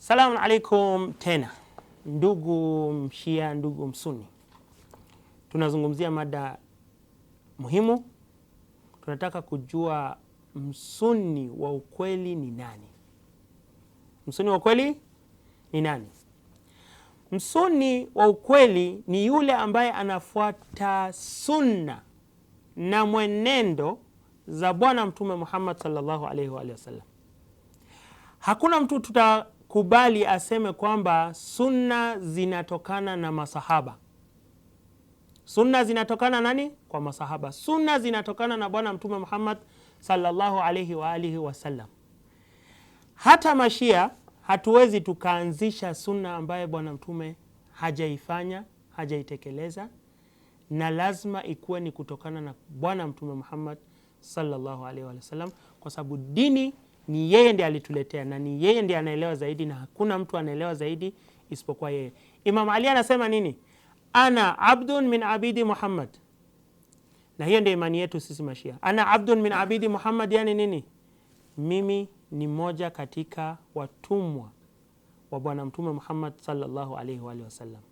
Salamu alaikum tena, ndugu mshia, ndugu msuni, tunazungumzia mada muhimu. Tunataka kujua msuni wa ukweli ni nani? Msuni wa ukweli ni nani? Msuni wa ukweli ni yule ambaye anafuata sunna na mwenendo za Bwana Mtume Muhammad sallallahu alaihi wa alihi Hakuna mtu tuta kubali aseme kwamba sunna zinatokana na masahaba. Sunna zinatokana nani? Kwa masahaba. Sunna zinatokana na Bwana Mtume Muhammad salllahu alaihi wa alihi wasallam. Hata mashia hatuwezi tukaanzisha sunna ambaye Bwana Mtume hajaifanya, hajaitekeleza, na lazima ikuwe ni kutokana na Bwana Mtume Muhammad sallallahu alaihi sallam, kwa sababu dini ni yeye ndiye alituletea na ni yeye ndiye anaelewa zaidi, na hakuna mtu anaelewa zaidi isipokuwa yeye. Imam Ali anasema nini? Ana abdun min abidi Muhammad, na hiyo ndio imani yetu sisi Mashia. Ana abdun min abidi Muhammad, yani nini? Mimi ni moja katika watumwa wa Bwana Mtume Muhammad sallallahu alaihi wa alihi wasallam.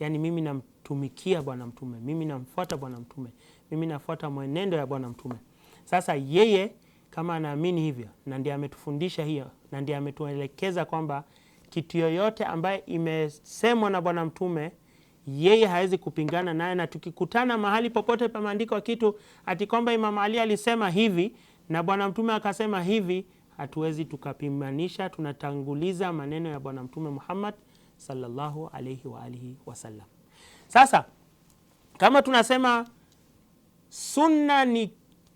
Yani mimi namtumikia Bwana Mtume, mimi namfuata Bwana Mtume, mimi nafuata mwenendo ya Bwana Mtume. Sasa yeye kama anaamini hivyo, na ndiye ametufundisha hiyo, na ndiye ametuelekeza kwamba kitu yoyote ambaye imesemwa na Bwana Mtume yeye hawezi kupingana naye, na tukikutana mahali popote pa maandiko kitu ati kwamba Imam Ali alisema hivi na Bwana Mtume akasema hivi, hatuwezi tukapimanisha. Tunatanguliza maneno ya Bwana Mtume Muhammad sallallahu alaihi wa alihi wasallam. Sasa kama tunasema sunna ni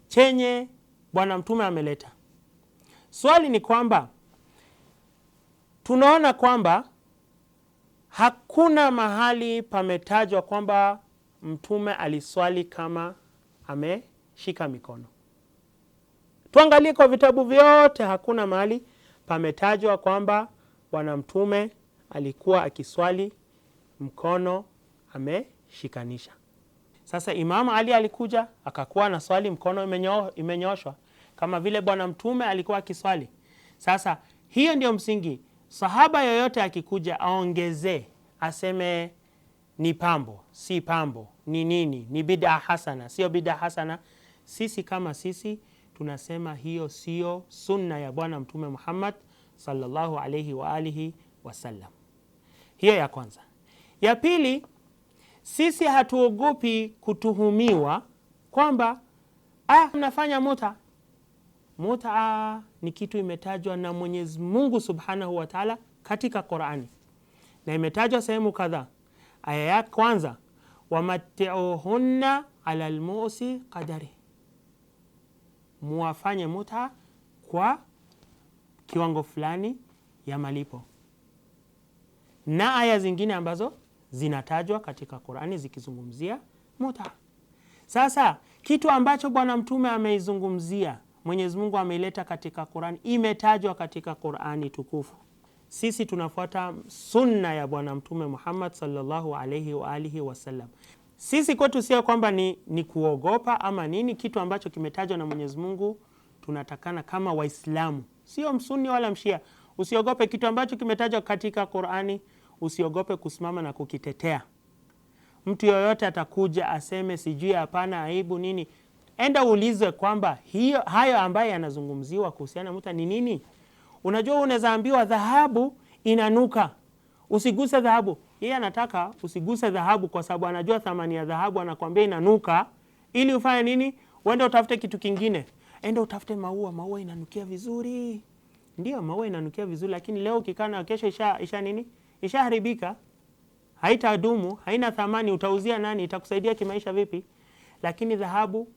chenye Bwana Mtume ameleta. Swali ni kwamba tunaona kwamba hakuna mahali pametajwa kwamba Mtume aliswali kama ameshika mikono. Tuangalie kwa vitabu vyote, hakuna mahali pametajwa kwamba Bwana Mtume alikuwa akiswali mkono ameshikanisha. Sasa Imamu Ali alikuja akakuwa na swali mkono imenyooshwa kama vile Bwana Mtume alikuwa akiswali. Sasa hiyo ndio msingi. Sahaba yoyote akikuja aongezee, aseme ni pambo, si pambo, ni nini, ni bid'a hasana, sio bid'a hasana, sisi kama sisi tunasema hiyo siyo sunna ya Bwana Mtume Muhammad salllahu alaihi wa alihi wasallam. Hiyo ya kwanza. Ya pili, sisi hatuogopi kutuhumiwa kwamba ah, mnafanya muta Muta ni kitu imetajwa na Mwenyezi Mungu subhanahu wa taala katika Qurani na imetajwa sehemu kadhaa. Aya ya kwanza, wamatiuhunna ala lmusi qadari, muwafanye muta kwa kiwango fulani ya malipo, na aya zingine ambazo zinatajwa katika Qurani zikizungumzia muta. Sasa kitu ambacho Bwana Mtume ameizungumzia Mwenyezi Mungu ameileta katika Qur'ani, imetajwa katika Qur'ani tukufu. Sisi tunafuata sunna ya Bwana Mtume Muhammad sallallahu alaihi wa alihi wasallam. Sisi kwetu sio kwamba ni, ni kuogopa ama nini, kitu ambacho kimetajwa na Mwenyezi Mungu tunatakana kama Waislamu, sio msuni wala mshia. Usiogope kitu ambacho kimetajwa katika Qur'ani, usiogope kusimama na kukitetea. Mtu yoyote atakuja aseme sijui, hapana, aibu nini enda uulizwe kwamba hiyo hayo ambayo yanazungumziwa kuhusiana na muta ni nini. Unajua, unaweza dhahabu inanuka, usiguse dhahabu. Yeye anataka usiguse dhahabu kwa sababu anajua thamani ya dhahabu, anakwambia inanuka ili ufanye nini? Uende utafute kitu kingine, enda utafute maua. Maua inanukia vizuri, ndio maua inanukia vizuri, lakini leo ukikana, kesho isha, isha nini, ishaharibika, haitadumu, haina thamani. Utauzia nani? Itakusaidia kimaisha vipi? Lakini dhahabu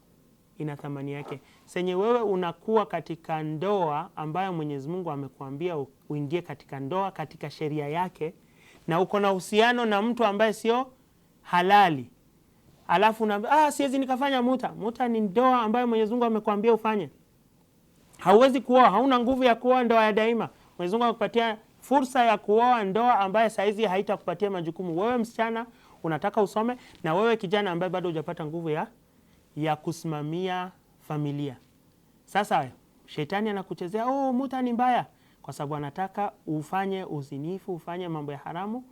ina thamani yake. Senye wewe unakuwa katika ndoa ambayo Mwenyezi Mungu amekuambia uingie katika ndoa katika sheria yake, na uko na uhusiano na mtu ambaye sio halali, alafu na, ah, siwezi nikafanya muta. Muta ni ndoa ambayo Mwenyezi Mungu amekuambia ufanye. Hauwezi kuoa, hauna nguvu ya kuoa ndoa ya daima. Mwenyezi Mungu amekupatia fursa ya kuoa ndoa ambaye saizi haitakupatia majukumu. Wewe msichana unataka usome, na wewe kijana ambaye bado hujapata nguvu ya ya kusimamia familia. Sasa shetani anakuchezea, oh, muta ni mbaya, kwa sababu anataka ufanye uzinifu, ufanye mambo ya haramu.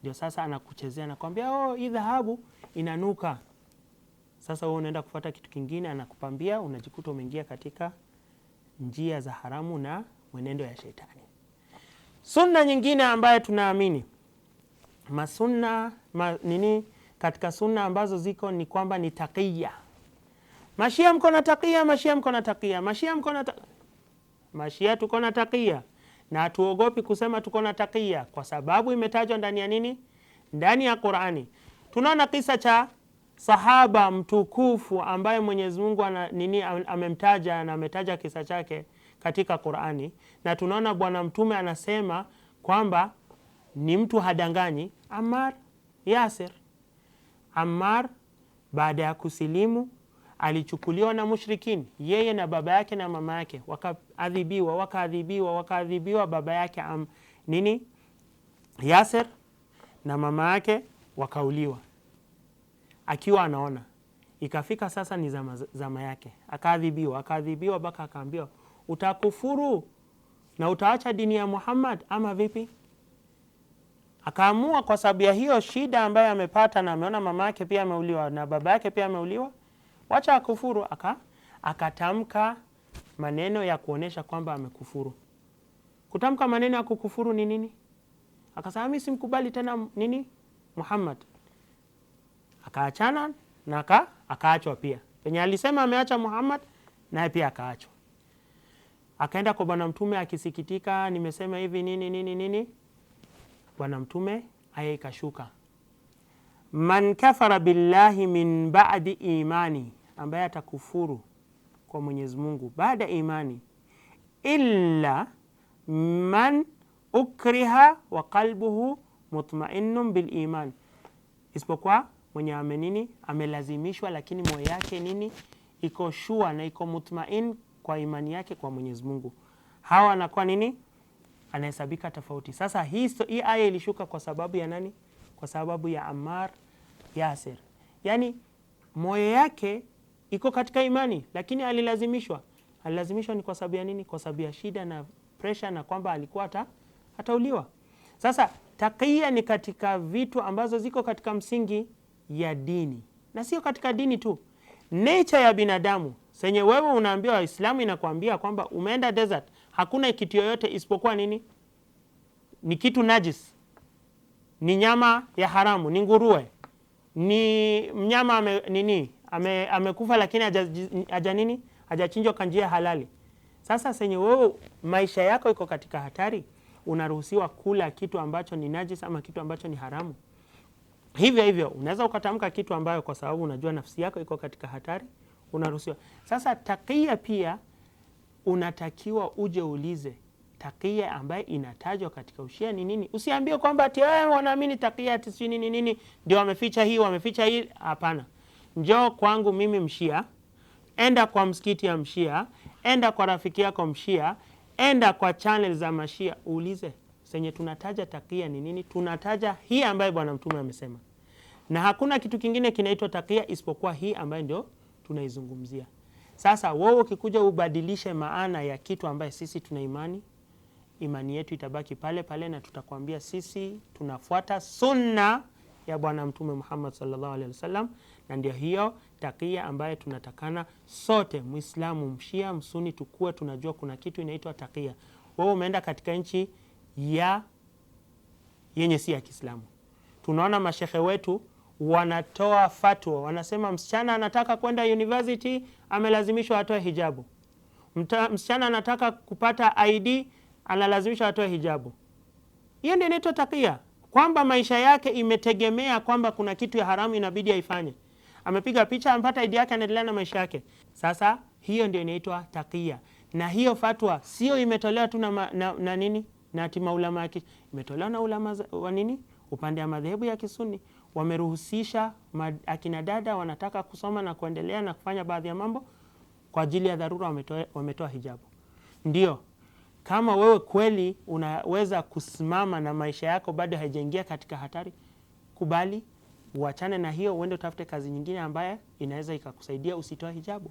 Ndio sasa anakuchezea, anakwambia oh, hii dhahabu inanuka. Sasa wewe unaenda kufuata kitu kingine, anakupambia, unajikuta umeingia katika njia za haramu na mwenendo ya shetani. Sunna nyingine ambayo tunaamini masunna ma, nini katika sunna ambazo ziko ni kwamba ni takiya Mashia mko na takia, mashia mko na takia, mashia mko na Mashia tuko na takia na tuogopi kusema tuko na takia kwa sababu imetajwa ndani ya nini? Ndani ya Qur'ani. Tunaona kisa cha sahaba mtukufu ambaye Mwenyezi Mungu ana nini amemtaja na ametaja kisa chake katika Qur'ani, na tunaona Bwana Mtume anasema kwamba ni mtu hadanganyi. amar Yasir, amar baada ya kusilimu alichukuliwa na mushrikini, yeye na baba yake na mama yake, wakaadhibiwa wakaadhibiwa wakaadhibiwa. Baba yake am, nini Yaser na mama yake wakauliwa akiwa anaona. Ikafika sasa ni zama, zama yake, akaadhibiwa akaadhibiwa mpaka akaambiwa, utakufuru na utaacha dini ya Muhammad ama vipi? Akaamua kwa sababu ya hiyo shida ambayo amepata, na ameona mama yake pia ameuliwa na baba yake pia ameuliwa wacha akufuru, aka akatamka maneno ya kuonesha kwamba amekufuru. Kutamka maneno ya kukufuru ni nini? Akasema mimi simkubali tena nini Muhammad, akaachana na aka, akaachwa pia penye alisema ameacha Muhammad naye pia akaachwa. Akaenda kwa Bwana Mtume akisikitika, nimesema hivi nini nini nini. Bwana Mtume aya ikashuka, man kafara billahi min ba'di imani ambaye atakufuru kwa Mwenyezi Mungu baada ya imani, illa man ukriha wa qalbuhu mutmainnun bil iman, isipokuwa mwenye ame nini, amelazimishwa lakini moyo yake nini, iko shua na iko mutmain kwa imani yake kwa Mwenyezi Mungu, hawa anakuwa nini, anahesabika tofauti. Sasa hii aya ilishuka kwa sababu ya nani? Kwa sababu ya Ammar Yasir, yani moyo yake iko katika imani, lakini alilazimishwa. Alilazimishwa ni kwa sababu ya nini? Kwa sababu ya shida na presha, na kwamba alikuwa ata, atauliwa. Sasa takia ni katika vitu ambazo ziko katika msingi ya dini, na sio katika dini tu, nature ya binadamu senye wewe unaambia Waislamu inakwambia kwamba umeenda desert, hakuna kitu yoyote isipokuwa nini? Ni kitu najis, ni nyama ya haramu, ni nguruwe, ni mnyama nini ame, amekufa lakini haja, nini hajachinjwa kwa njia halali. Sasa senye wewe maisha yako iko katika hatari, unaruhusiwa kula kitu ambacho ni najis ama kitu ambacho ni haramu. Hivyo hivyo unaweza ukatamka kitu ambayo kwa sababu unajua nafsi yako iko katika hatari, unaruhusiwa. Sasa takia pia unatakiwa uje ulize takia ambaye inatajwa katika ushia ni nini? Usiambie kwamba ati eh, wanaamini takia ati nini nini ndio wameficha hii wameficha hii. Hapana njoo kwangu mimi mshia, enda kwa msikiti ya mshia, enda kwa rafiki yako mshia, enda kwa channel za mashia, uulize senye tunataja takia ni nini. Tunataja hii ambayo Bwana Mtume amesema, na hakuna kitu kingine kinaitwa takia isipokuwa hii ambayo ndio tunaizungumzia sasa. Wewe ukikuja ubadilishe maana ya kitu ambaye sisi tuna imani imani yetu itabaki pale pale, na tutakwambia sisi tunafuata sunna ya Bwana Mtume Muhammad sallallahu alaihi wasallam na ndio hiyo takia ambayo tunatakana sote, Muislamu, Mshia, Msuni, tukue tunajua kuna kitu inaitwa takia. Wewe umeenda katika nchi ya yenye si ya Kiislamu, tunaona mashehe wetu wanatoa fatwa, wanasema msichana anataka kwenda university amelazimishwa atoe hijabu. Mta, msichana anataka kupata ID analazimishwa atoe hijabu. Hiyo ndio inaitwa takia, kwamba maisha yake imetegemea kwamba kuna kitu ya haramu inabidi aifanye amepiga picha, amepata idea yake, anaendelea na maisha yake. Sasa hiyo ndio inaitwa takia, na hiyo fatwa sio imetolewa tu na, na, na nini na maulama yake, imetolewa na ulama wa nini upande wa madhehebu ya Kisuni wameruhusisha akina dada wanataka kusoma na kuendelea na kufanya baadhi ya mambo kwa ajili ya dharura, wametoa, wametoa hijabu. Ndio kama wewe kweli unaweza kusimama na maisha yako bado haijaingia katika hatari, kubali uachane na hiyo, uende utafute kazi nyingine ambayo inaweza ikakusaidia usitoe hijabu.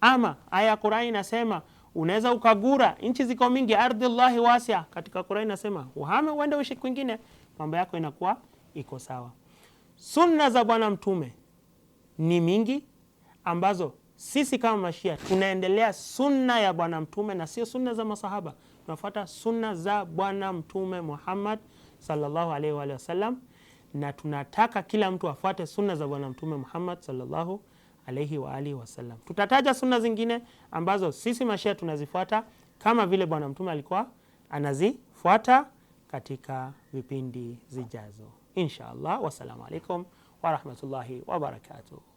Ama aya ya Qurani inasema unaweza ukagura, nchi ziko mingi, ardhillahi wasia. Katika Qurani inasema uhame uende uishi kwingine, mambo yako inakuwa iko sawa. Sunna za Bwana Mtume ni mingi ambazo sisi kama Mashia tunaendelea sunna ya Bwana Mtume na sio sunna za masahaba, tunafuata sunna za Bwana Mtume Muhammad sallallahu alaihi wa sallam na tunataka kila mtu afuate sunna za Bwana Mtume Muhammad sallallahu alaihi wa alihi wasallam. Tutataja sunna zingine ambazo sisi mashia tunazifuata kama vile Bwana Mtume alikuwa anazifuata katika vipindi zijazo, insha allah. Wassalamu alaikum warahmatullahi wabarakatuh.